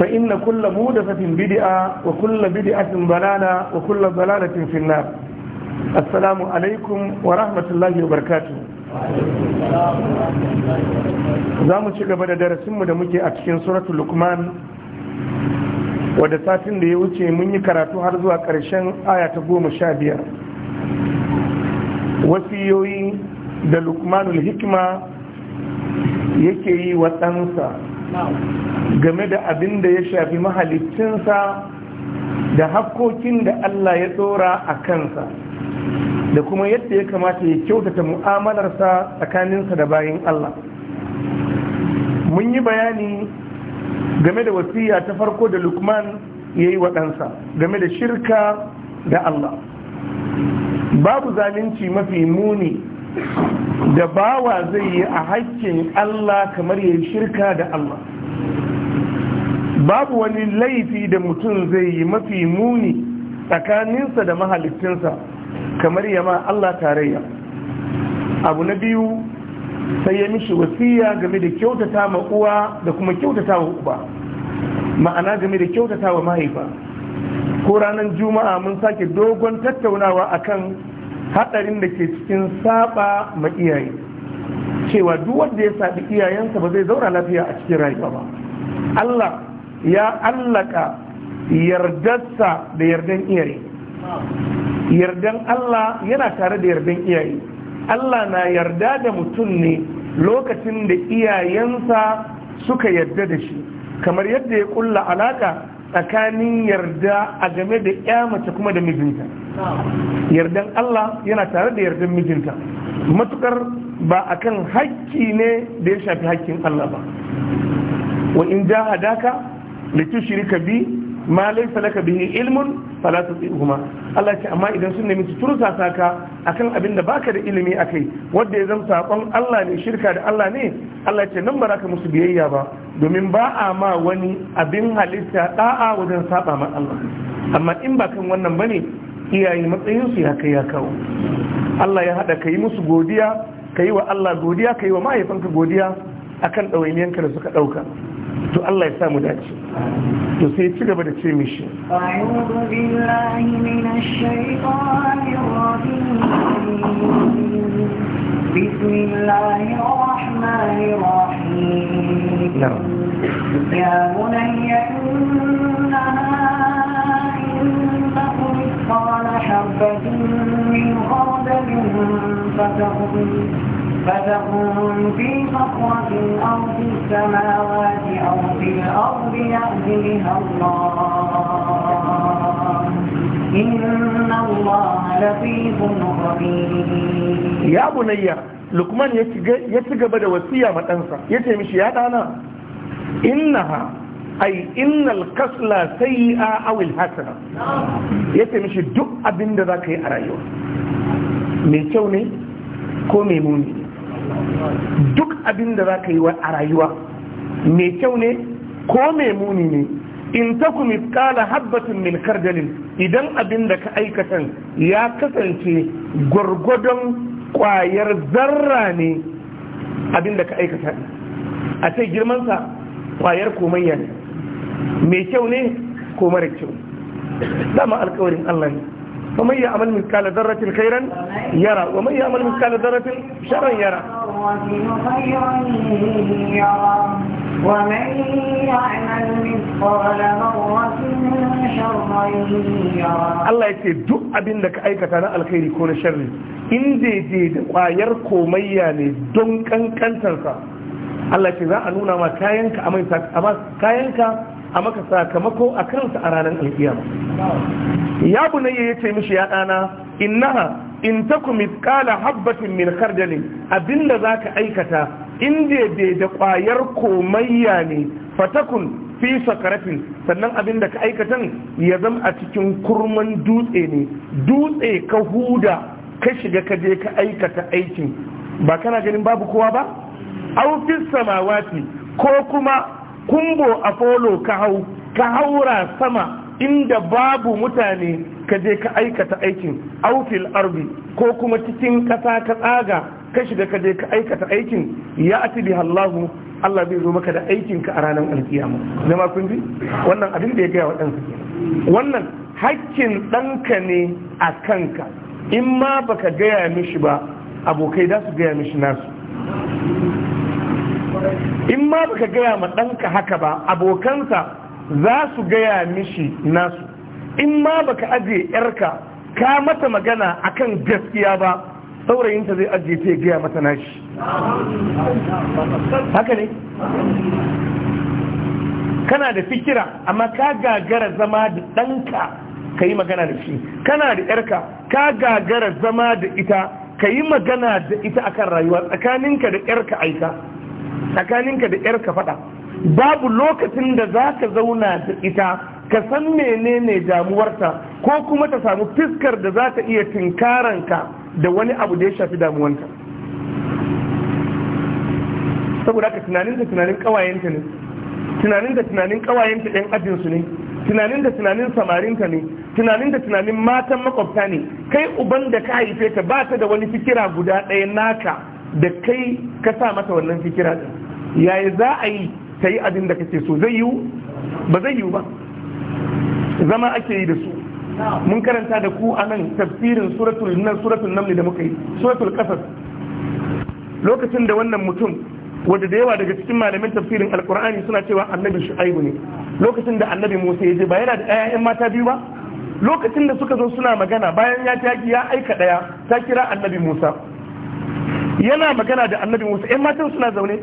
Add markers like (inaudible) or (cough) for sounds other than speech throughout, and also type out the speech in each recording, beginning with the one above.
فإن كل مودفة بدعة وكل بدعة ضلالة وكل ضلالة في النار السلام عليكم ورحمة الله وبركاته za mu ci gaba da darasinmu da muke a cikin suratu lukman wadda satin da ya wuce mun yi karatu har zuwa ƙarshen aya ta goma sha biyar wasiyoyi da lukmanul hikima yake yi wa ɗansa game da abin da ya shafi mahalicinsa da hakkokin da Allah ya tsora a kansa da kuma yadda ya kamata ya kyautata mu'amalarsa tsakaninsa da bayan Allah mun yi bayani game da wasiya ta farko da lukman ya yi waɗansa game da shirka da Allah babu zalunci mafi muni da bawa zai yi a hakkin Allah kamar ya yi shirka da Allah babu wani laifi da mutum zai yi mafi muni tsakaninsa da mahalittinsa kamar yama Allah tarayya abu na biyu sai ya mishi wasiya game da kyautata ma uwa da kuma kyautata wa uba ma'ana game da kyautata wa mahaifa ko ranar juma'a mun sake dogon tattaunawa a kan hadarin da ke cikin saba ma iyaye cewa duk wanda ya saɓi iyayensa ba zai zaura lafiya a cikin rayuwa ba Allah ya allaka yardarsa da yardan iyaye yardan Allah yana tare da yardan iyaye Allah na yarda da mutum ne lokacin da iyayensa suka yarda da shi kamar yadda ya kulla alaka tsakanin yarda a game da ya mace kuma da mijinta yardan Allah yana tare da yardan mijinta matukar ba kan hakki ne da ya shafi haƙƙin Allah ba wa in jahadaka litushrika bi ma laysa laka bihi ilmun fala tusihuma Allah ce amma idan sun nemi su turza saka akan abin da baka da ilimi akai wanda ya zama sakon Allah ne shirka da Allah ne Allah ce nan baraka musu biyayya ba domin ba a ma wani abin halitta da'a wajen saba ma Allah amma in ba kan wannan bane iyaye matsayinsu ya kai ya kawo Allah ya hada kai musu godiya kai wa Allah godiya kai wa mahaifanka godiya akan ɗawainiyanka da suka ɗauka to Allah ya samu dace to sai ci gaba da ce mishi a'udhu na minash shaitanir rajim بسم الله يا بني إنها إنكم قال حبة من خردل فتقضي فتكون في خطوة أو في السماوات أو في الأرض بها الله إن الله لطيف خبير يا بنية لقمان يتجا بدا وسيا ما تنسى يتجا مش يادانا إنها أي إن الكسلة سيئة أو الحسنة يتجا مش دق أبن دا كي أرأيو ميتوني كومي موني duk abin da za ka yi a rayuwa mai kyau ne ko mai muni ne in ta kuma kala habbatin min kardalin idan abin da ka aikatan ya kasance gwargwadon kwayar zarra ne abin da ka aikata a ce girmansa kwayar komayya ne mai kyau ne ko mara kyau dama alkawarin allah ne فمن يعمل مثقال ذرة خيرا يرى ومن يعمل مثقال ذرة شرا يرى الله يكفي duk abin da ka aikata na alkhairi ko na sharri in daidai da kwayar komayya ne don kankantarsa Allah ce za a nuna ma kayanka a mai sa kayanka a maka sakamako a kansa a ranar alkiyama ya bunayya ya ce mishi ya ɗana innaha in taku mithqala habbatin min khardalin abinda za ka aikata in bai da ƙwayar komayya ne fatakun fi sakarafin sannan abinda ka aikatan ya zama a cikin kurman dutse ne dutse ka huda ka shiga ka je ka aikata aikin ba kana ganin babu kowa ba au fi samawati ko kuma kumbo folo ka hau ka haura sama inda babu mutane ka je ka aikata aikin aufil arbi ko kuma cikin kasa ka tsaga ka shiga ka je ka aikata aikin ya ati bi Allahu Allah zai zo maka da aikin ka a ranar alkiyama zama kun ji wannan abin da ya gaya wa wannan hakkin ɗanka ne a kanka in ma baka gaya mishi ba abokai za su gaya mishi nasu in ma baka gaya ma ɗanka haka ba abokansa za su gaya mishi nasu in ma baka ajiye yarka ka mata magana akan gaskiya ba saurayinta zai ajiye ta gaya mata nashi haka ne kana da fikira amma ka gagara zama da ɗanka ka yi magana da shi kana da yarka ka gagara zama da ita ka yi magana da ita akan rayuwa tsakaninka da yarka aika tsakaninka da yarka faɗa babu lokacin da za ka zauna da ita ka san menene damuwarta ko kuma ta samu fiskar da za ta iya tinkaranka da wani abu da ya shafi damuwanta saboda ka tunanin da tunanin kawayenta ne tunanin da tunanin kawayenta yan ajinsu ne tunanin da tunanin samarinka ne tunanin da tunanin matan makwabta ne kai uban da ka haife ta ba ta da wani fikira guda ɗaya naka da kai ka sa mata wannan fikira ɗin yayi za a yi ta yi abin da kake so zai yiwu ba zai yiwu ba zama ake yi da su mun karanta da ku anan tafsirin suratul nan suratul nan da muka yi suratul qasas lokacin da wannan mutum wanda da yawa daga cikin malamin tafsirin alqur'ani suna cewa annabi shu'aibu ne lokacin da annabi Musa ya je ba yana da ƴaƴan mata biyu ba lokacin da suka zo suna magana bayan ya taki ya aika daya ta kira annabi Musa yana magana da annabi Musa ƴan matan suna zaune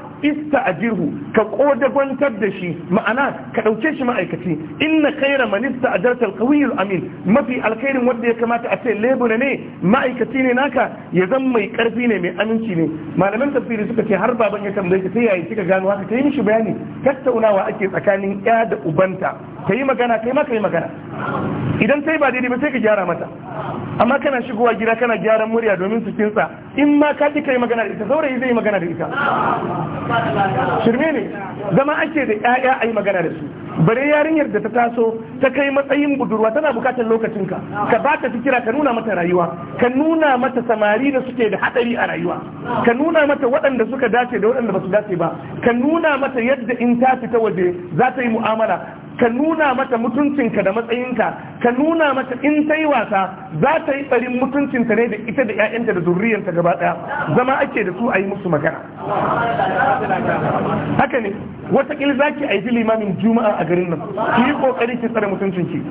ista jirhu ka kodabantar da shi ma'ana ka ɗauke shi ma'aikaci inna khaira man ista ajarta alqawiyul amin mafi alkhairin wanda ya kamata a ce lebura ne ma'aikaci ne naka ya zan mai karfi ne mai aminci ne malaman tafsiri suka ce har baban ya tambaye ka sai yayi kika gano haka kai mishi bayani tattaunawa ake tsakanin ya da ubanta Kayi yi magana kai ma ka yi magana idan ta yi ba daidai ba sai ka gyara mata amma kana shigowa gida kana gyaran murya domin su kinsa in ma ka ji ka magana da ita saurayi zai yi magana da ita shirme ne zama ake da 'ya'ya a yi magana da su bare yarinyar da ta taso ta kai matsayin budurwa tana bukatar lokacinka ka ba ta fikira ka nuna mata rayuwa ka nuna mata samari da suke da hadari a rayuwa ka nuna mata waɗanda suka dace da waɗanda ba su dace ba ka nuna mata yadda in ta fita waje za ta yi mu'amala ka nuna mata mutuncinka da matsayinka ka nuna mata in ta yi wasa za ta yi tsarin mutuncinta ne da ita da 'ya'yanta da zurriyanta gaba ɗaya zama ake da su a yi musu magana haka ne watakil za ki aiki limamin juma'a a garin nan ki yi kokari ki tsare mutuncinki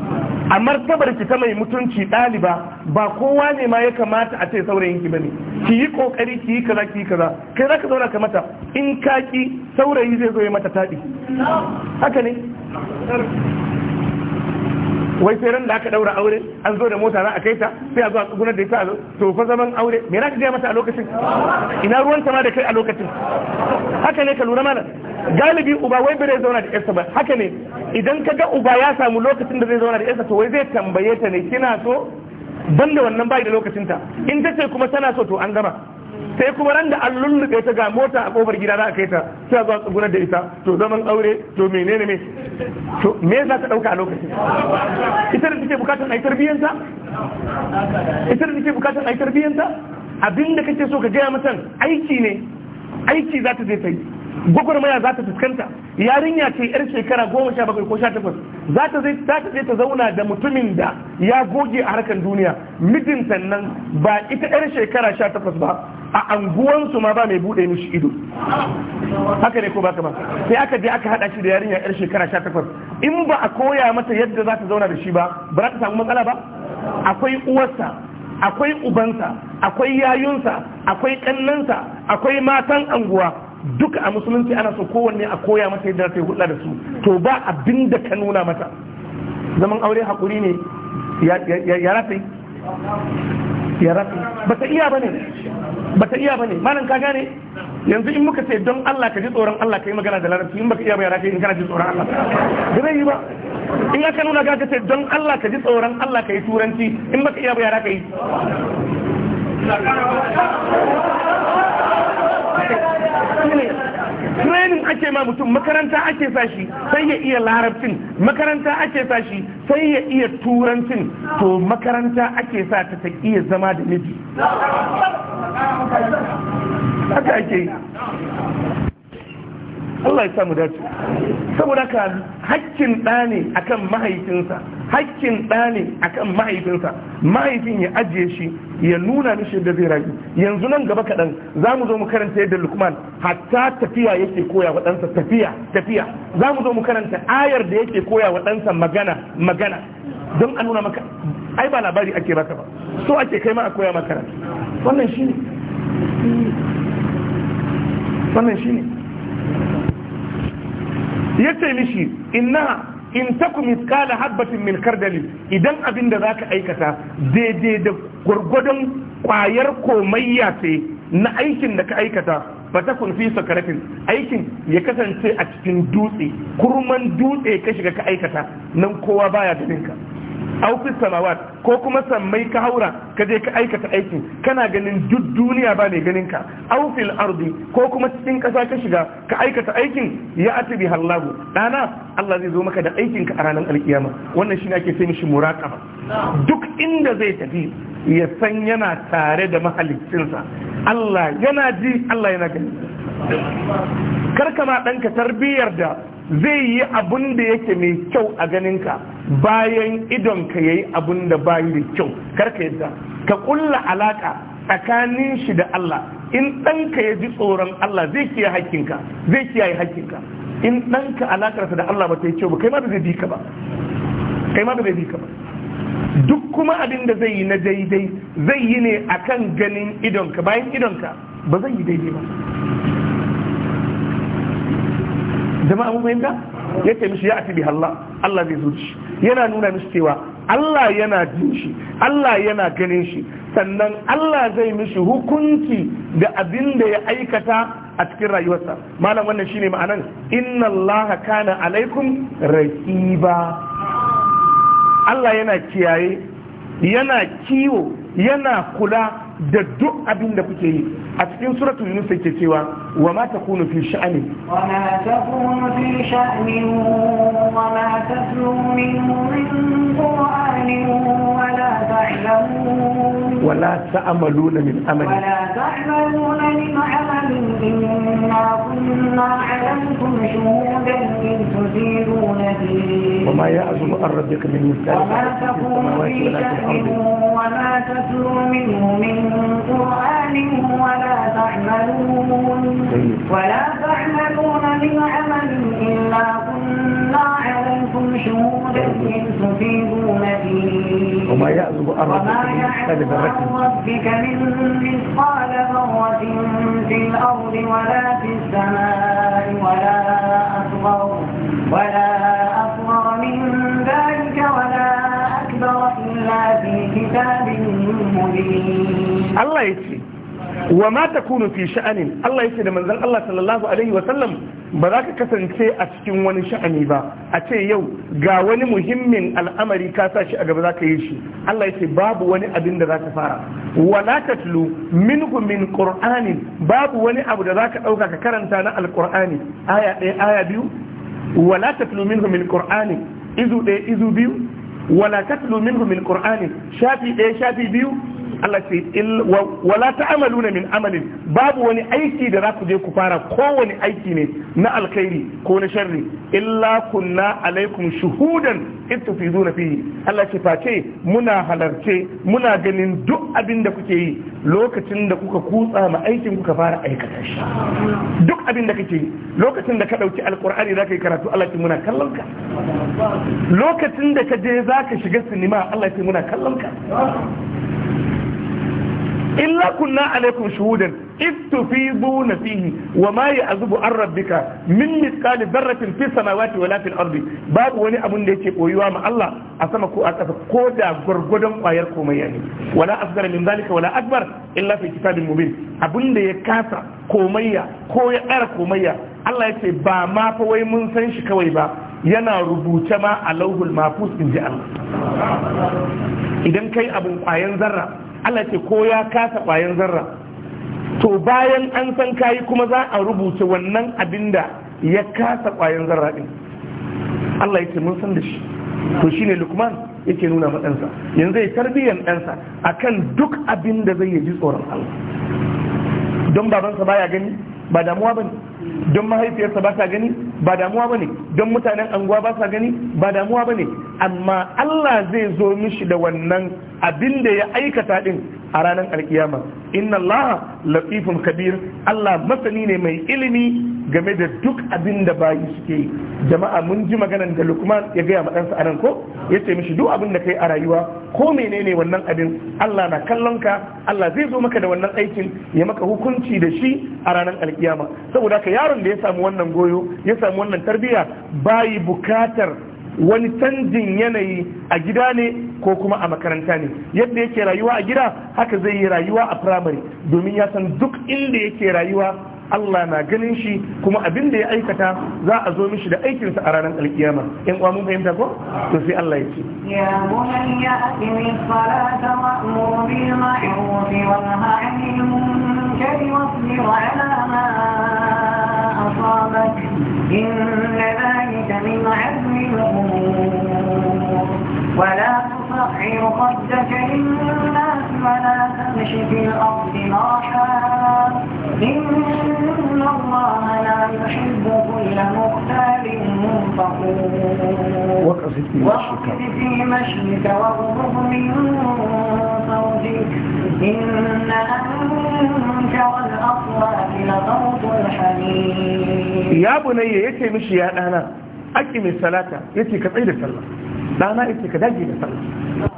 amma sabar ki ta mai mutunci ɗaliba ba kowa ne ma ya kamata a ce saurayinki bane ki yi kokari ki yi kaza ki yi kaza kai za ka zauna ka mata in kaki saurayi zai zo ya mata taɗi haka ne wai sai ran da aka daura aure an zo da mota za a kai ta sai a zo a tsugunar da ita a zo to fa zaman aure me za ka gaya mata a lokacin ina ruwan ta ma da kai a lokacin haka ne ka lura mana galibi uba wai bai zauna da yarsa ba haka ne idan ka ga uba ya samu lokacin da zai zauna da yarsa to wai zai tambaye ta ne kina so banda wannan bai da lokacin ta in ta ce kuma tana so to an gama sai kuma ran da an lullube ta ga mota a kofar gida za a kai ta sai a zo a tsugunar da ita to zaman aure to menene me to me za ta dauka a lokacin ita da take bukatar ai tarbiyyanta ita da take bukatar ai tarbiyyanta abinda kake so ka gaya mata aiki ne aiki za ta je ta yi gwagwarmaya za ta fuskanta yarinya ce yar shekara goma sha bakwai ko sha takwas za ta zai ta je ta zauna da mutumin da ya goge a harkar duniya mijinta nan ba ita yar shekara sha takwas ba a anguwansu ma ba mai bude mishi ido haka ne ko baka ba sai aka je aka hada shi da yarinya yar shekara 18 in ba a koya mata yadda za ta zauna da shi ba ba za ta samu matsala ba akwai uwarsa akwai ubansa akwai yayunsa akwai kannansa akwai matan anguwa duk a musulunci ana so kowanne a koya mata yadda za ta yi hulɗa da su to ba abin da ka nuna mata zaman aure hakuri ne ya rafi ya rafi ba ta iya ba ne ba ta iya ba ne malam ka gane yanzu in muka ce don Allah ka ji tsoron Allah ka yi magana da larabci in baka iya ba yara yi in kana ji tsoron Allah ba zai yi ba in aka nuna ka ce don Allah ka ji tsoron Allah ka yi turanci in baka iya ba yara kai Thank training ake ma mutum makaranta ake sa shi sai ya iya larabcin makaranta ake sa shi sai ya iya turancin to makaranta ake sa ta ta iya zama da miji Allah ya samu dace saboda ka hakkin ɗa ne akan mahaifinsa hakkin ɗa ne akan mahaifinsa mahaifin ya ajiye shi ya nuna mishi yadda zai rayu yanzu nan gaba kaɗan za mu zo mu karanta yadda lukman hatta tafiya yake koya wa ɗansa tafiya tafiya za mu zo mu karanta ayar da yake koya wa ɗansa magana magana don a nuna maka ai ba labari ake baka ba so ake kai ma a koya maka wannan shi ne wannan shi ne ce mishi inna in taku miskala habbatin min kardali idan abin da zaka aikata daidai da gwargwadon kwayar komayya ce na aikin da ka aikata ba ta kun fi aikin ya kasance a cikin dutse kurman dutse ka shiga ka aikata nan kowa baya ganin ka aufis samawat ko kuma sammai ka haura ka je ka aikata aikin kana ganin duk duniya ba ne ganin ka aufil ardi ko kuma cikin ƙasa ka shiga ka aikata aikin ya atibi hallahu dana Allah zai zo maka da aikin ka a ranar alkiyama wannan shi ne ake sai mishi muraqaba duk inda zai tafi ya san yana tare da mahaliccinsa Allah yana ji Allah yana gani ka ma ɗanka tarbiyyar da zai yi abin da yake mai kyau a ganinka bayan idonka ya yi abun da bayi da kyau karka yadda ka kulla alaka tsakanin shi da Allah in ɗanka ya ji tsoron Allah zai kiya hakkinka zai kiyaye hakkinka in ɗanka alakarsa da Allah ba ta yi kyau ba kai ma ba zai bi ka ba kai ma ba zai bi ka ba duk kuma abin da zai yi na daidai zai yi ne akan ganin idonka bayan idonka ba zai yi daidai ba jama'a mun fahimta ya ce mishi ya ati bi Allah Allah zai zuci yana nuna mishi cewa Allah yana jin shi Allah yana ganin shi sannan Allah zai mishi hukunci da abin da ya aikata a cikin rayuwarsa malam wannan shine ma'anan inna Allah kana alaikum raqiba Allah yana kiyaye yana kiwo yana kula da duk abin da kuke yi a cikin suratul yunus yake cewa wa ma takunu fi sha'ani wa ma takunu fi sha'ani wa ma tatlu min qur'anin wa la ta'lamun wa la ta'maluna min amali wa la ta'maluna min amalin inna kunna 'alaykum shuhudan in tuziduna وما يعزم عن من مثقال ذرة في السماوات ولا في الأرض وما تتلو منه من قرآن ولا تحملون ولا تحملون من عمل إلا كنا عليكم شهودا إذ تفيدون فيه وما أردك من يعزم عن ربك من مثقال ذرة في الأرض ولا في السماء ولا أصغر ولا Allah ya ce, wa mata kunu fi sha'anin Allah ya ce da manzan Allah sallallahu Alaihi wasallam ba za ka kasance a cikin wani sha'ani ba, a ce yau ga wani muhimmin al'amari ka sa shi a gaba za ka yi shi. Allah ya ce babu wani abin da za ka fara. Wa la ta min Qur'anin babu wani abu da za ka ɗauka ka karanta na Al-Qur'ani aya biyu. Wa la ta min Qur'anin izu ɗaya izu biyu wala tatlu minhu min qur'ani shafi ɗaya shafi biyu Allah ce wala ta'amaluna min amalin babu wani aiki da za ku je ku fara kowane aiki ne na alkhairi ko na sharri illa kunna alaikum shuhudan in na fiye. Allah ce face muna halarce muna ganin duk abin da kuke yi lokacin da kuka kutsa ma aikin kuka fara aikata shi duk abin da kake yi lokacin da ka dauki alqur'ani zaka yi karatu Allah ce muna kallon ka lokacin da ka je zaka shiga sinima Allah ce muna kallon ka illa kunna alaikum shuhudan istufiduna fihi wa ma ya'zubu an rabbika min mithqali dharratin fi samawati wala fil ardi babu wani abun da yake koyuwa ma Allah a sama ko a ƙasa ko da gurgudan kwayar komai yake wala asghara min zalika wala akbar illa fi kitabin mubin abun da ya kasa komayya ko ya ƙara komayya Allah ya ce ba ma fa wai mun san shi kawai ba yana rubuce ma a lauhul mafus inji Allah idan kai abun kwayan zarra Allah ce ko ya kasa ƙwayan zarra to bayan an san kayi kuma za a rubuta wannan abin da ya kasa ƙwayan zarra din. Allah ya ce mun san da shi to shine Lukman yake nuna ma yanzu ya tarbiyyar ɗansa akan duk abin da zai ji tsoron Allah don babansa baya gani ba damuwa bane don mahaifiyarsa ba ta gani ba damuwa ba ne don mutanen anguwa ba sa gani ba damuwa ba ne amma Allah zai zo mishi da wannan abin da ya aikata din a ranar alkiyama inna Allah latifun kabir Allah masani ne mai ilimi game da duk abin da bayi suke jama'a mun ji maganan da lukman ya gaya ma ɗansa anan ko ya ce mishi duk abin da kai a rayuwa ko menene wannan abin Allah na kallon ka Allah zai zo maka da wannan aikin ya maka hukunci da shi a ranar alkiyama saboda haka yaron da ya samu wannan goyo ya samu wannan tarbiyya bayi bukatar wani canjin yanayi a gida ne ko kuma a makaranta ne yadda yake rayuwa a gida haka zai yi rayuwa a firamare domin ya san duk inda yake rayuwa Allah na ganin shi kuma abin da ya aikata za a zo mishi da aikin sa a ranar alkiyama in kuwa mun fahimta ko to sai Allah ya ce ya bunayya aqimi salata wa'mur bil ma'ruf wa nahy 'anil munkar wasbir 'ala ma asabak inna dhalika min 'azmi al-umur wa la تصحر خدك للناس ولا تمشي في الأرض مرحا إن الله لا يحب كل مختال فخور واقصد في مشيك واغضب من صوتك إن أنكر الأصوات لصوت الحميد يا بني يتي مشي يا أنا أكي من يا يتي كتعيد الصلاة لا أنا يتي كداجي الصلاة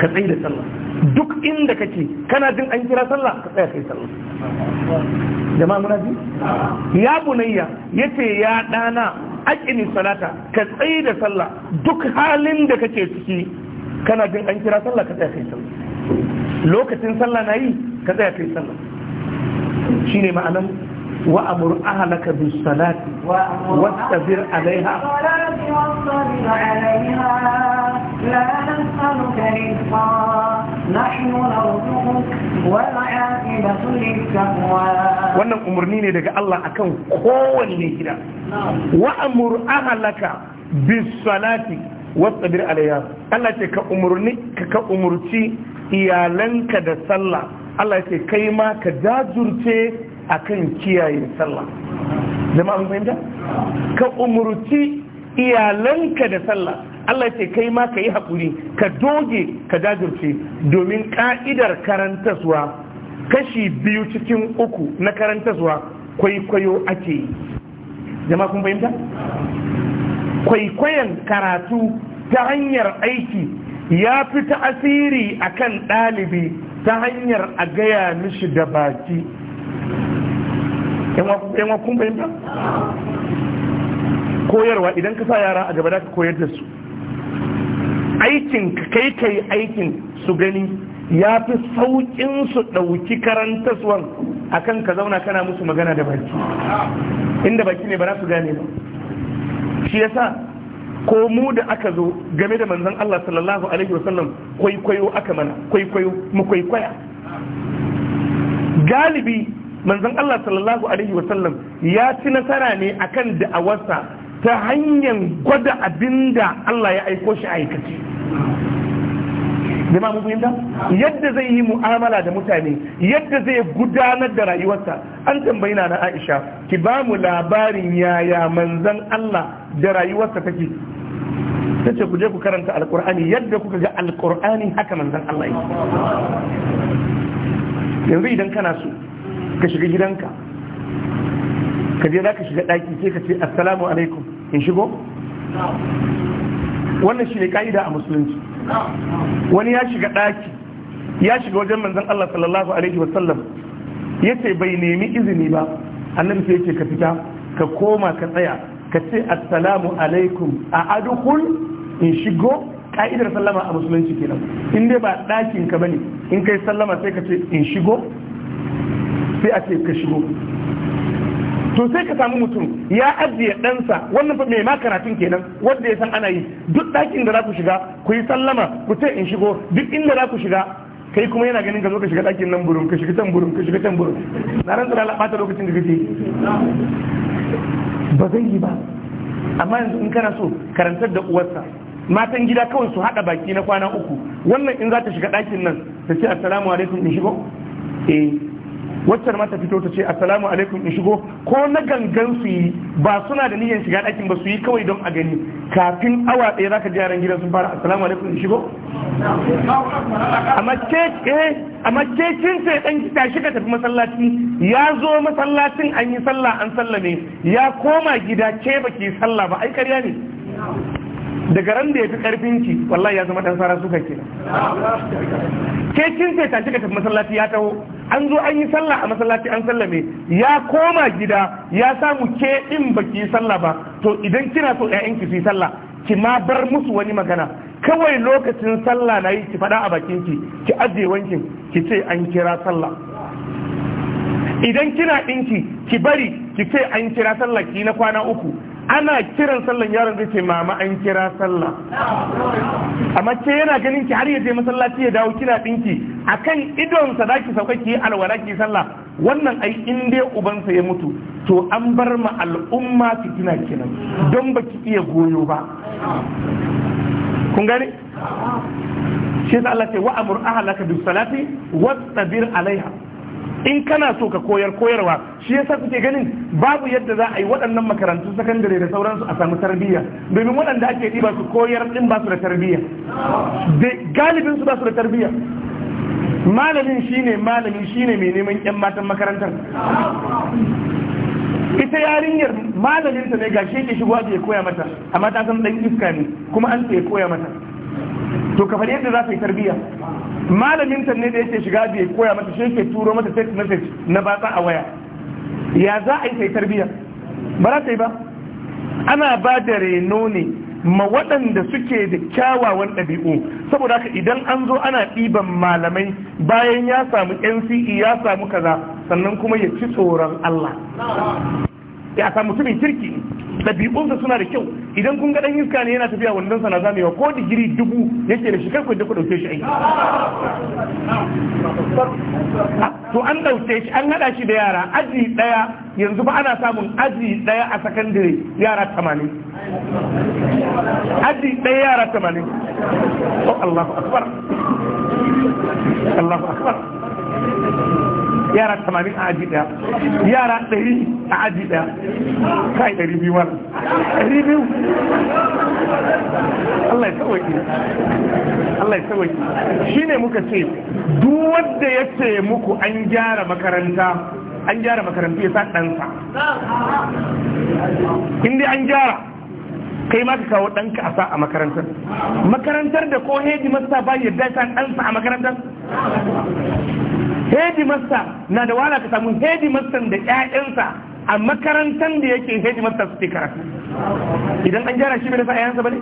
كتعيد duk inda kake kana jin an kira sallah ka tsaya kai sallah jama'a muna ji ya bunayya yace ya dana aqini salata ka tsaya da sallah duk halin da kake ciki kana jin an kira sallah ka tsaya kai sallah lokacin sallah na yi ka tsaya kai sallah shine ma'anan وأمر أهلك بالصلاة واستبر عليها لا نسألك رزقا نحن نرزقك والعاقبة للتقوى wannan umarni ne daga Allah akan kowanne gida wa amur ahlaka bis salati Allah ce ka umarni ka umarci iyalanka da sallah Allah ce kai ma ka jajurce akan kiyaye sallah jama'an fahimta ka umurci iyalanka da sallah Allah ce kai ma ka yi haƙuri ka doge ka jajirce domin ka'idar karantaswa kashi biyu cikin uku na karantaswa kwaikwayo ake yi Zama kun fahimta kwaikwayon karatu ta hanyar aiki ya fi ta'asiri akan ɗalibi ta hanyar a gaya mishi da baki yan wa koyarwa idan ka sa yara a gaba da ka koyar da su aikin kai kai aikin su gani ya fi saukin su ɗauki karantaswan akan ka zauna kana musu magana da baki inda baki ne ba za su gane ba shi yasa ko mu da aka zo game da manzon Allah sallallahu alaihi wasallam kwaikwayo aka mana kwaikwayo mu kwaikwaya galibi manzon Allah sallallahu alaihi sallam ya ci nasara ne akan da'awarsa ta hanyar gwada abinda Allah ya aiko shi aikace jama'a mun fahimta yadda zai yi mu'amala da mutane yadda zai gudanar da rayuwarsa an tambayi na na Aisha ki ba mu labarin yaya manzon Allah da rayuwarsa take ta ce ku je ku karanta alkur'ani yadda kuka ga alkur'ani haka manzon Allah yanzu idan kana so ka shiga gidanka ka je za ka shiga ɗaki sai ka ce assalamu alaikum in shigo wannan shi ne ka'ida a musulunci wani ya shiga ɗaki ya shiga wajen manzon Allah sallallahu alaihi wasallam ya ce bai nemi izini ba annabi sai ce ka fita ka koma ka tsaya ka ce assalamu alaikum a adukun, in shigo ka'idar sallama a musulunci kenan in dai ba ɗakin ka bane in kai sallama sai ka ce in shigo sai a ce ka shigo to sai ka samu mutum ya ajiye ɗansa wannan mai ma karatun kenan wanda ya san ana yi duk ɗakin da za ku shiga ku yi sallama ku ce in shigo duk inda za ku shiga kai kuma yana ganin ka zo ka shiga ɗakin nan burin ka shiga can burin ka shiga can burin na ran tsara labata lokacin da kake ba zai yi ba amma yanzu in kana so karantar da uwarsa matan gida kawai su haɗa baki na kwana uku wannan in za ta shiga ɗakin nan ta ce assalamu alaikum in shigo eh waccan mata fito ta ce assalamu alaikum in shigo ko na gangan su yi ba suna da niyyar shiga ɗakin ba su yi kawai don a gani kafin awa ɗaya zaka ji yaran gidan sun fara assalamu alaikum in shigo amma ke eh, kin ce dan tashi ka tafi masallaci ya zo masallacin an yi sallah an sallame ya koma gida ke baki sallah ba ai ƙarya ne daga ran da ya fi karfin ki wallahi ya zama dan sara suka ke ke kin sai ta cika masallaci ya taho an zo an yi sallah a masallaci an sallame ya koma gida ya samu ke din baki sallah ba to idan kina so ƴaƴan ki su yi sallah ki ma bar musu wani magana kawai lokacin sallah na yi ki faɗa a bakin ki ki ajiye wankin ki ce an kira sallah idan kina ɗinki ki bari ki ce an kira sallah ki na kwana uku ana kiran sallan yaron zai ce mama an kira sallah amma ke yana ganin ki har ya je masallaci ya dawo kina dinki akan idon sa zaki sauka ki alwala ki sallah wannan ai in dai ubansa ya mutu to an bar ma al'umma kina kiran, don baki iya goyo ba kun gane shi Allah ce wa amur ahlaka bis salati wastabir alaiha in kana so ka koyar koyarwa shi yasa kuke ganin babu yadda za a yi waɗannan makarantun sakandare da sauransu a samu tarbiyya domin waɗanda ake ba su koyar ɗin ba su da tarbiyya galibin su ba su da tarbiyya malamin shi ne malamin shi ne mai neman yan matan makarantar ita yarinyar malaminta ne ga shi ke shigo ya koya mata amma ta san dan iska ne kuma an ya koya mata to ka yadda za ta yi tarbiyya malamin ta ne da yake shiga bai koya mata shi ke turo mata text message na batsa a waya ya za a yi sai tarbiyya ba za ta yi ba ana ba da reno ne ma waɗanda suke da kyawawan ɗabi'u saboda haka idan an zo ana ɗiban malamai bayan ya samu nce ya samu kaza sannan kuma ya ci tsoron allah ya samu mutumin kirki ɗabi'unsa suna da kyau idan kun ga dan iska ne yana tafiya wannan sana zamewa ko digiri dubu yake da shi kai kai da ku dauke shi aiki to an dauke shi an hada shi da yara aji daya yanzu ba ana samun aji daya a sakandare yara 80 aji daya yara 80 Allahu akbar Allahu akbar yara 80 a aji daya yara 100 a aji daya kai 200 wani 200 Allah ya tsawaki Allah ya tsawaki shi ne muka ce duk wanda ya ce muku an gyara makaranta an gyara makarantu ya sa ɗansa inda an gyara kai ma ka kawo ɗanka a sa a makarantar makarantar da ko hedi masta ba ya sa ɗansa a makarantar hedimasta na da wala ka samu hedimastan da ƴaƴansa a makarantar da yake hedimasta su ke karatu idan an gyara shi bai da ƴaƴansa ba ne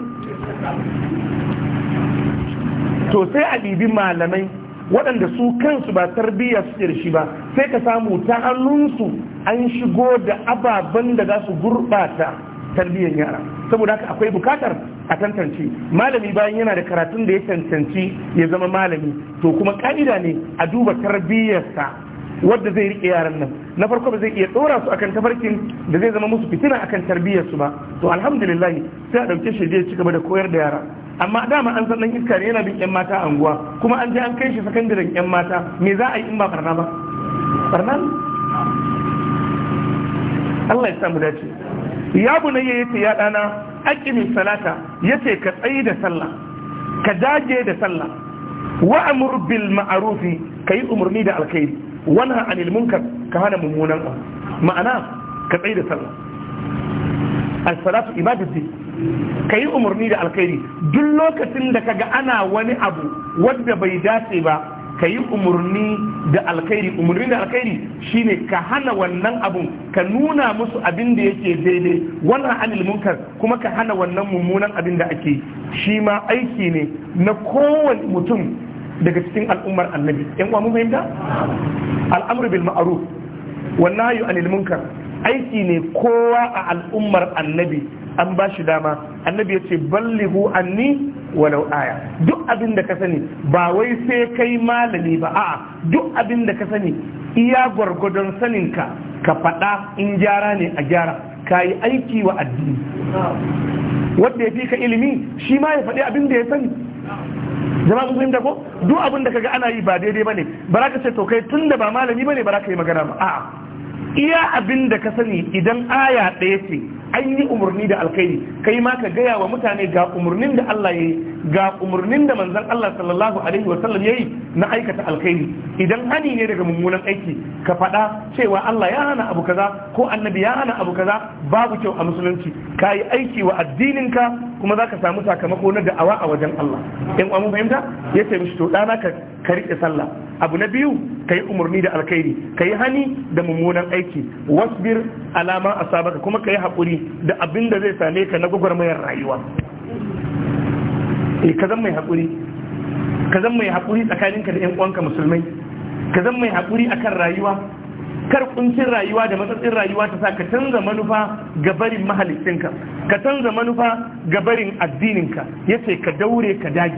to sai a bibi malamai waɗanda su kansu ba tarbiyya su da shi ba sai ka samu ta hannunsu an shigo da ababen da za su gurɓata tarbiyyar yara saboda haka akwai bukatar a tantance malami bayan yana da karatun da ya tantance ya zama malami to kuma ka'ida ne a duba tarbiyyarsa wadda zai rike yaran nan na farko ba zai iya tsora su akan tafarkin da zai zama musu fitina akan tarbiyyarsu ba to alhamdulillah sai a dauke shi ya ci gaba da koyar da yara amma dama an san dan iska ne yana bin yan mata a unguwa kuma an je an kai shi sakandaren yan mata me za a yi in ba barna ba barna Allah ya samu dace ya bunayya yace ya ɗana aqimi salata yace ka tsayi da sallah ka dage da sallah wa amur bil ka yi umarni da alkhairi wanha anil munkar ka hana mummunan abu ma'ana ka tsayi da sallah al salatu ibadati yi umarni da alkhairi duk lokacin da kaga ana wani abu wanda bai dace ba ka yi umarni da alkhairi umarni da alkhairi shine ka hana wannan abun ka nuna musu abin da yake daidai wannan anil munkar kuma ka hana wannan mummunan abin da ake shi ma aiki ne na kowane mutum daga cikin al'ummar annabi yan uwa mun fahimta al'amru bil ma'ruf wan nahyu anil munkar aiki ne kowa a al'ummar annabi an ba shi dama annabi ya ce ballighu anni walau aya duk abin da ka sani ba wai sai kai malami ba a'a duk abin da ka sani iya gwargwadon saninka ka faɗa in gyara ne a gyara ka yi aiki wa addini wanda ya fi ka ilimi shi ma ya faɗi abin da ya sani jama'a sun fahimta ko duk abin da kaga ana yi ba daidai bane ba za ka ce to kai tun da ba malami bane ba za ka yi magana ba a'a iya abin da ka sani idan aya ɗaya ce an yi umarni da alkhairi kai ma ka gaya wa mutane ga umarnin da Allah ya yi ga umarnin da manzon Allah sallallahu alaihi wa sallam yayi na aikata alkhairi idan hani ne daga mummunan aiki ka faɗa cewa Allah ya hana abu kaza ko annabi ya hana abu kaza babu kyau a musulunci kayi aiki wa addininka kuma za ka samu sakamako na da'awa a wajen Allah in mun fahimta ya ce mishi to dana ka rike sallah abu na biyu ka yi umarni da alkhairi ka yi hani da mummunan aiki wasbir alama asabaka kuma ka yi haƙuri da abin da zai same ka na gwagwarmayar rayuwa eh, ka zan mai hakuri ka zan mai haƙuri tsakaninka da 'yan uwanka musulmai ka zan mai haƙuri akan rayuwa Karkuncin rayuwa da matsatsin rayuwa ta sa ka canza manufa ga barin mahalicinka ka canza manufa ga barin addininka ya ce ka daure ka dage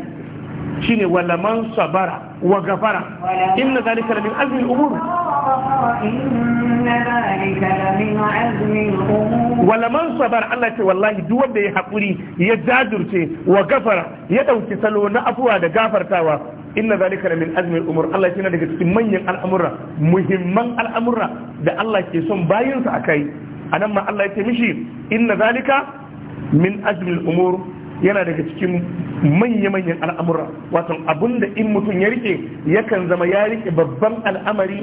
shine walaman sabara wa gafara inna zalika min azmi al-umur walaman sabar Allah ce wallahi duk wanda ya haƙuri ya jajirce wa gafara ya ɗauki salo na afuwa da gafartawa inna zalika min azmin umur Allah yana daga cikin manyan al'amura muhimman al'amura da Allah ke son bayinsa akai anan ma Allah ya ce mishi inna zalika min azmin umur yana daga cikin manya-manyan al'amura wato abinda in mutum ya rike yakan zama ya rike babban al'amari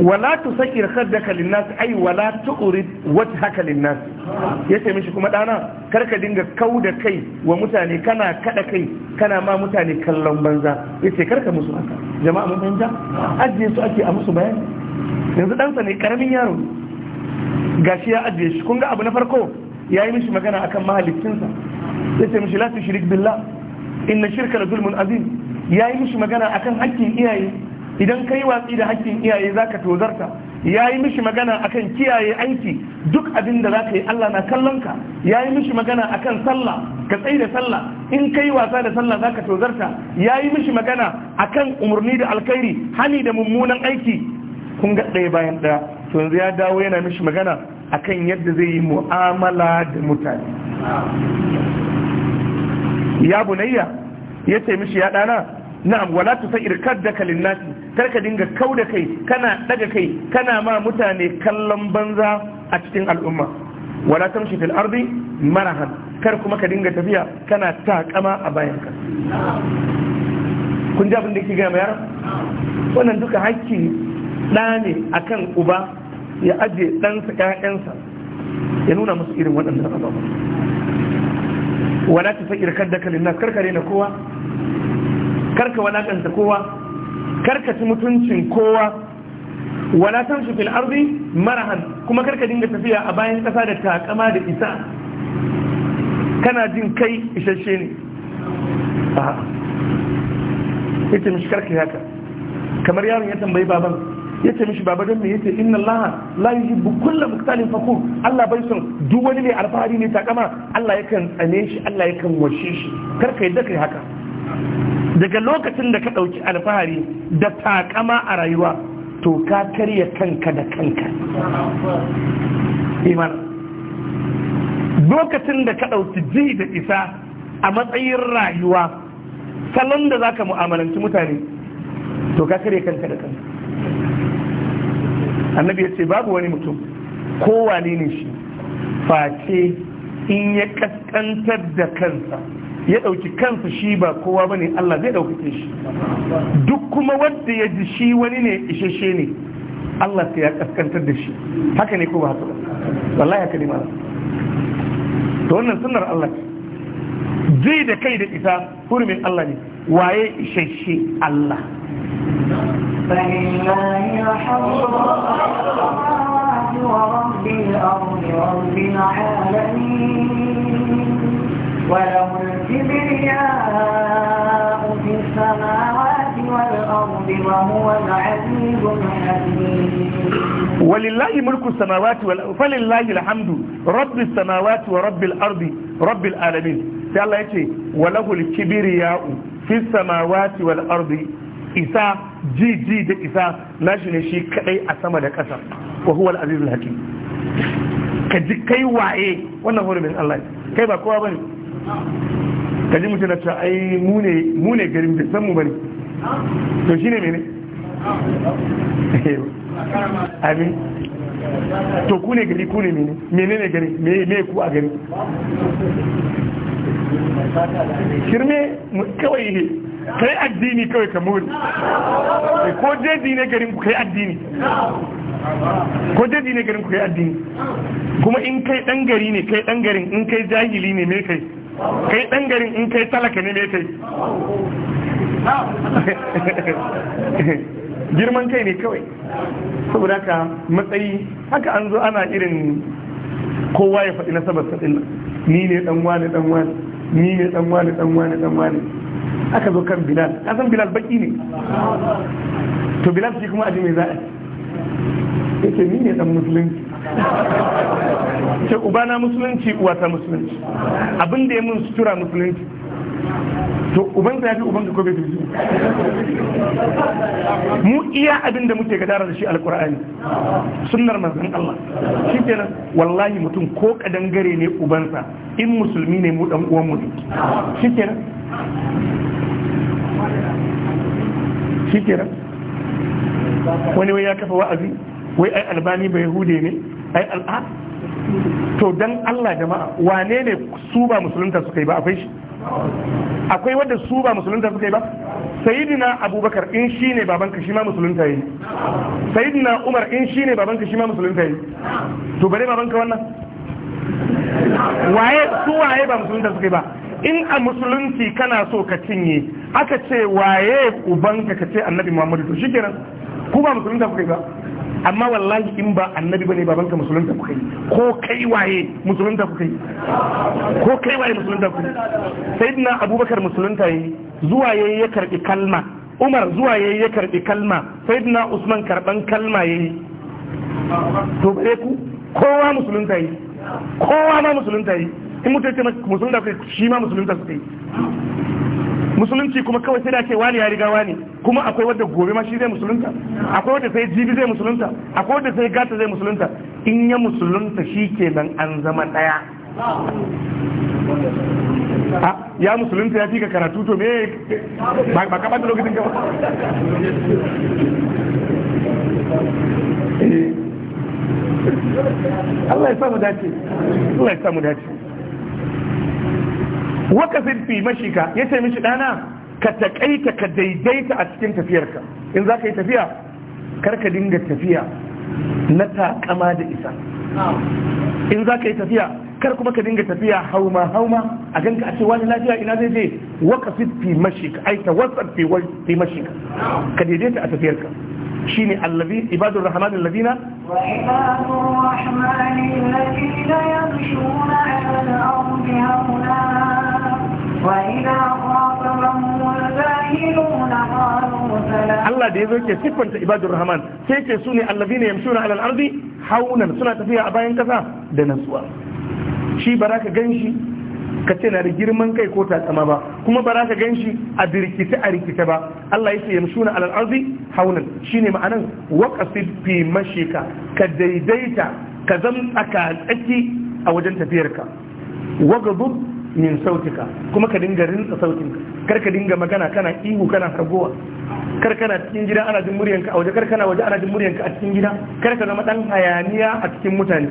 wala tu خدك للناس linnas ai wala وجهك للناس linnas yace mishi kuma dana karka dinga kauda kai wa mutane kana kada kai kana ma mutane kallon banza yace karka musu haka jama'a mun fahimta ajiye su ake a musu bayani yanzu dansa ne karamin yaro gashi ya ajiye shi kun ga abu na farko yayi mishi magana akan mahaliccinsa yace mishi la tushrik billah inna shirka la zulmun azim ya yi mishi magana akan hakkin iyaye idan kai watsi da hakkin iyaye za ka tozarta ya yi mishi magana akan kiyaye aiki duk abin da za ka yi Allah na kallon ka ya yi mishi magana akan sallah ka tsaye da sallah in kai wasa da sallah za ka tozarta ya yi mishi magana akan umarni da alkhairi hani da mummunan aiki kun ga ɗaya bayan ɗaya to yanzu ya dawo yana mishi magana akan yadda zai yi mu'amala da mutane ya bunayya ya ce mishi ya ɗana na'am wala tusair kaddaka linnasi karka dinga kauda kai kana daga kai kana ma mutane kallon banza a cikin al'umma wala tamshi fil ardi marahan kar kuma ka dinga tafiya kana takama a bayanka kun ji abin da ke gaya yaran wannan duka hakki ɗa ne akan uba ya aje ɗansa ƴaƴansa ya nuna musu irin waɗannan ababen wala ta fakir kan dakalin na karkare na kowa karka walakanta kowa karka ci mutuncin kowa wala tamshi fil ardi marahan kuma karka dinga tafiya a bayan kasa da takama da isa kana jin kai isasshe ne yace mishi karka haka kamar yaron ya tambayi baban yace mishi baba don me yace inna allaha la yuhibbu kulla muktalin fakur Allah bai son duk wani mai alfahari ne takama Allah yakan tsane shi Allah yakan washe shi karka yadda kai haka daga lokacin da ka ɗauki alfahari da takama a rayuwa to ka karya kanka da kanka iman lokacin da ka ɗauki ji da isa a matsayin rayuwa salon da za ka mu'amalanci mutane to ka karya kanka da kanka annabi ya ce babu wani mutum kowane ne shi face in ya kaskantar da kansa ya ɗauki kansa shi ba kowa ba ne Allah zai ɗaukake shi duk kuma wadda ya ji shi wani ne isheshe ne Allah sai ya kaskantar da shi haka ne ko ba haka wallahi haka ne ma to wannan sunnar Allah zai da kai da ita hurumin Allah ne waye isheshe Allah ورب الأرض رب العالمين ولو الكبرياء في السماوات والأرض وهو العزيز الحكيم ولله ملك السماوات والأرض فلله الحمد رب السماوات ورب الأرض رب العالمين sai Allah ya ce walahu al-kibriya'u fi samawati wal ardi isa jiji da isa nashi ne shi kaɗai a sama da ƙasa wa huwa al ka ji kai waye wannan hurumin Allah kai ba kowa bane kaji mutum na ta ai mune garin bai san mu bane to shine mene abin (laughs) to ku ne gari ku ne mene mene ne gari me ku a gari shirme kawai ne kai addini kawai ka mori ko je ne garin ku kai addini ko je ne garin ku kai addini kuma in kai dan gari ne kai dan garin in kai jahili ne me kai kai ɗan garin in kai talaka ne ne kai (laughs) girman kai ne kawai saboda haka matsayi haka an zo ana irin kowa ya faɗi nasabar saɗin ni ne ɗan wani ɗan wani ni ne ɗan wani ɗan wani ɗan wani aka zo kan bilal ka san bilal baki ne to bilal shi kuma aji mai za'a yake ni ne ɗan musulunci ce ubana musulunci uwata musulunci abin da ya mun sutura musulunci to uban ya fi uban ka kobe fi mu iya abin da muke gadara da shi alkur'ani sunnar manzon Allah shikenan wallahi mutum ko kadan gare ne ubansa in musulmi ne mu dan uwan mu shikenan shikenan wani wai ya kafa wa'azi wai ai albani bai hude ne ai al'a to dan Allah jama'a wane ne su ba musulunta suka yi ba akwai shi akwai wanda su ba musulunta suka yi ba sayyidina abubakar in shi ne babanka shi ma musulunta yi sayyidina umar in shi ne babanka shi ma musulunta yi to bare babanka wannan waye su waye ba musulunta suka yi ba in a musulunci kana so ka cinye aka ce waye ubanka ka ce annabi muhammadu to shikenan ku ba musulunta suka yi ba amma wallahi in ba annabi bane babanka musulunta kuka yi ko kai waye musulunta kuka yi ko kai waye musulunta kuka yi sayyidina abubakar musulunta yi zuwa yayi ya karbi kalma umar zuwa yayi ya karbi kalma sayyidina usman karban kalma yayi to bare ku kowa musulunta yi kowa ma musulunta yi in mutum ya ce musulunta kuka shi ma musulunta kuka yi musulunci kuma kawai sai da ce wani ya riga wani kuma akwai wadda gobe ma shi zai musulunta akwai wadda sai jibi zai musulunta akwai wadda sai gata zai musulunta in ya musulunta shi ke nan an zama daya ya musulunta ya fi ka karatu to me ba ka da lokacin ka eh. Allah ya samu dace Allah ya samu dace waka fi mashika ya ce mishi dana ka taƙaita ka daidaita a cikin tafiyarka in za ka yi tafiya kar ka dinga tafiya na takama da isa in za ka yi tafiya kar kuma ka dinga tafiya hauma hauma a ganka a ce wani lafiya ina zai je waka fi mashika ai ta wasa fi mashika ka daidaita a tafiyarka شيني عباد الرحمن الذين وعباد الرحمن الذين يمشون على الأرض هؤلاء Allah da ya zo ke siffanta ibadur rahman sai ke su ne allabi ne alal arzi, haunan suna tafiya a bayan kasa da nasuwa shi ba ka gan shi ka ce na da girman kai ko tatsama ba kuma ba ka gan shi a birkita a rikita ba Allah ya ce yamshuna alal arzi, haunan shine ma'anan waqasid fi mashika ka daidaita ka zama tsaka tsaki a wajen tafiyarka waghdub min sautika kuma ka dinga rinsa sautin kar ka dinga magana kana ihu kana hargowa kar kana cikin gida ana jin muryanka a waje kar kana waje ana jin muryanka a cikin gida kar ka zama dan hayaniya a cikin mutane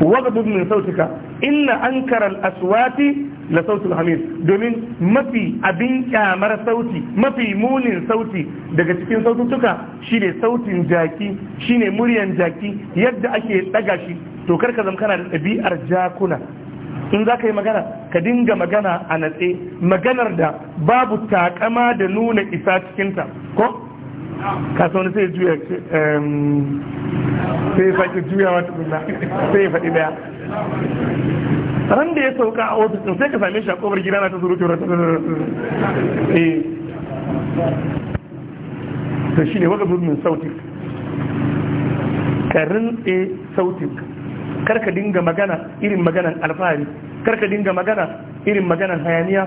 waghdud min sautika inna ankara al-aswati la al-hamid domin mafi abin kyamar sauti mafi munin sauti daga cikin sautuka shine sautin jaki shine muryan jaki yadda ake daga shi to karka zama kana da ɗabi'ar jakuna in za ka yi magana ka dinga magana a natse maganar da babu takama da nuna isa cikinta ko kasuwanci sai juya sai faɗi juya wata sai faɗi daya randa ya sauka a ofis sai ka same shi a ƙofar gida na ta surutu rata eh to shine waka min sautik ka rintse sautik karka dinga magana irin maganan alfahari karka dinga magana irin maganan hayaniya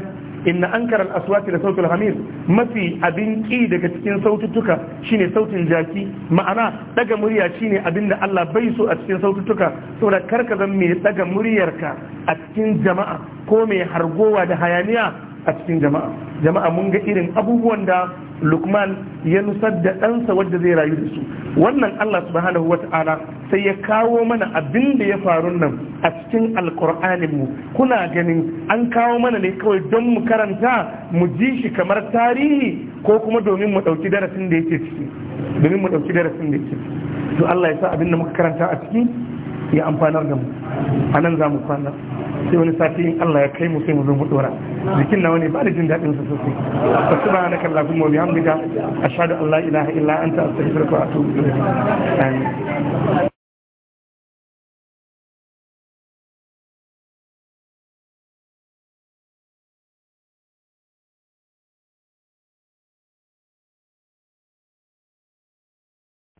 inna ankara al-aswati da sautul hamir mafi abin ki daga cikin saututtuka shine sautin jaki ma'ana daga murya shine abin da Allah bai so a cikin saututtuka saboda karka zan mai daga muryarka a cikin jama'a ko mai hargowa da hayaniya a cikin jama'a jama'a mun ga irin abubuwan da lukman ya nusar da ɗansa wadda zai rayu da su wannan allah subhanahu wa ta'ala sai ya kawo mana abin da ya faru nan a cikin alkur'anin mu kuna ganin an kawo mana ne kawai don mu karanta mu ji shi kamar tarihi ko kuma domin mu ɗauki darasin da yake ciki domin mu ɗauki darasin da yake to allah ya sa abin da muka karanta a ciki ya amfanar da mu a nan za mu kwana sai wani sati in Allah ya kai mu sai mu zo mu dora jikin nawa ne ba da jin daɗin su sosai fa subhanaka allahumma wa bihamdika ashhadu an la ilaha illa anta astaghfiruka wa atubu ilayk amin